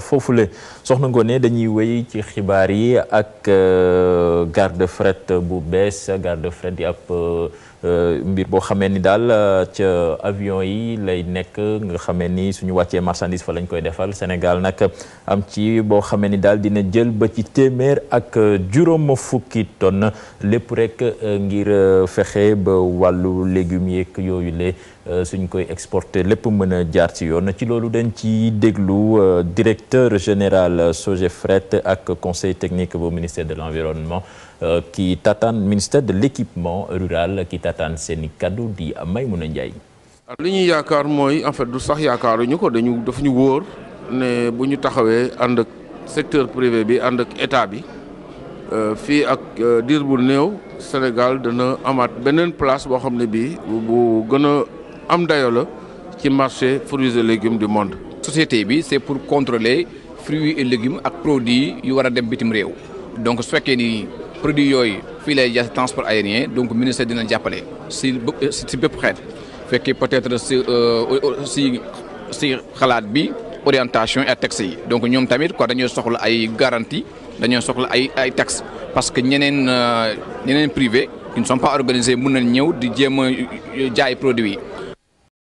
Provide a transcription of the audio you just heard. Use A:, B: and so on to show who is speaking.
A: foofu le soxna Ngoné dañuy wéy ci xibaar yi ak euh, gare de fret bu bees gare de fret yi ab euh, mbir boo xamee ni daal euh, ca avion yi lay nekk nga xamee ni suñu wàccee marchandise fa lañ koy defal Sénégal nag am ci boo xamee ni daal dina jël ba ci téeméer ak juróom fukki tonnes lépp rek ngir fexe ba wàllu légumes yeeg yooyu le suñ koy exporter lépp mën a jaar ci yoon ci loolu dañ ci déglu direct directeur général euh, Sogefret ak conseil technique bu ministère de l'environnement ki euh, tataan ministère de l'équipement rural ki tataan seeni kaddu di Maïmouna Ndiaye
B: li ñuy yaakaar mooy en fait du sax yaakaaruñu ko dañu daf ñu wóor ne bu ñu taxawee ànd secteur privé bi ànd ak état bi euh, fii ak diir bu néew Sénégal dana amaat beneen place boo xam ne bii bu gën am dayo la ci marché fruits légumes du monde societé bi c'est pour contrôler
C: fruits et légumes ak produits yu war a dem bitim réew donc su fekkee ni produits yooyu fii lay jaar transport arien donc ministère dina jàppale si si bépp xeet fekkee peut-être euh, si si xalaat bi orientation ak taxes yi donc ñoom tamit quoi dañoo soxla ay garanti dañoo soxla ay ay taxes parce que ñeneen euh, ñeneen privé qui ne sont mun nañ ñëw di jéem a jaay produits yi